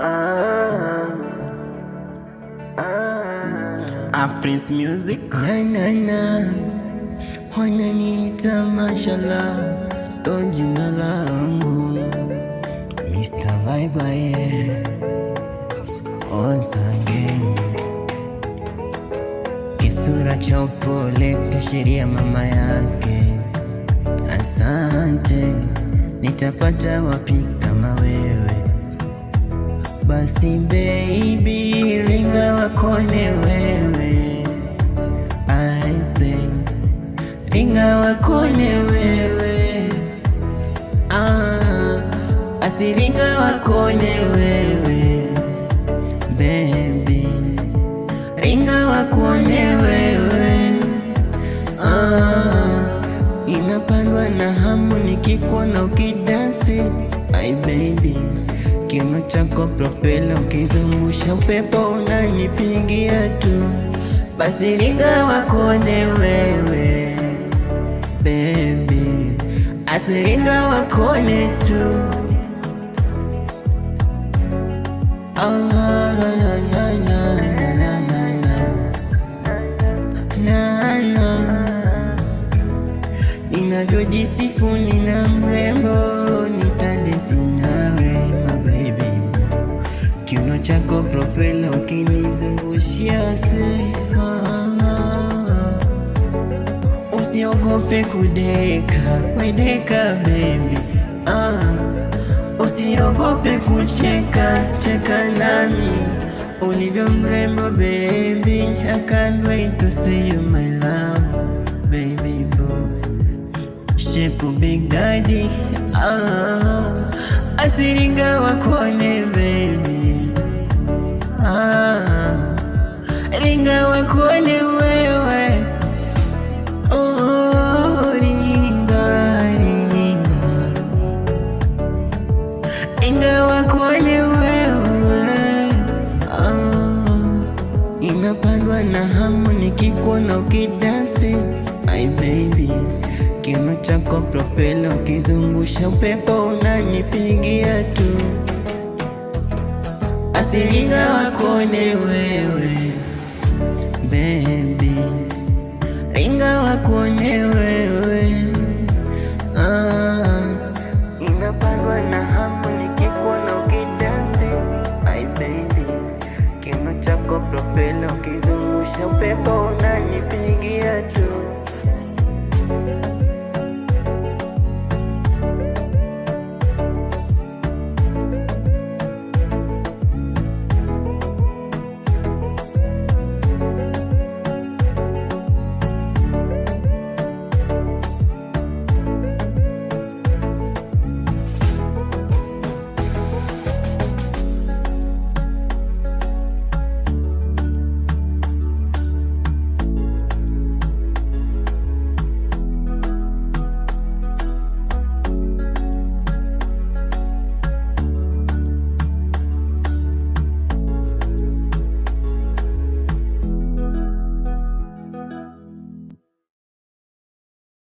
Ah. ah, Prince Music wananiita mashala ndo jina langu Mr. Vibe once again, kisura cha upole kashiria mama yake. Asante, nitapata wapi kama wewe basi baby, ringa wakone wewe, I say ringa wakone wewe ah, asilinga wako wewe baby, ringa wakone wewe ah, inapandwa na hamu nikikuona ukidansi, my baby kino chako propela, ukizungusha upepo unanipigia tu, basi ningawa wakone wewe baby, asiringa wakone tu Ninavyojisifu nina mrembo zako propela ukinizungushia seha, usiogope kudeka, wedeka baby ah, usiogope kucheka, cheka nami ulivyo mrembo bebi I can't wait to see you my love baby boy, shepu big daddy ah, asiringa wakone baby nikuone wewe Inapandwa ah, na hamu nikikuona ukidansi my baby Kiuno chako propela ukizungusha upepo unanipigia tu, asiingawa kuone wewe kuone wewe ah, inapandwa na hamu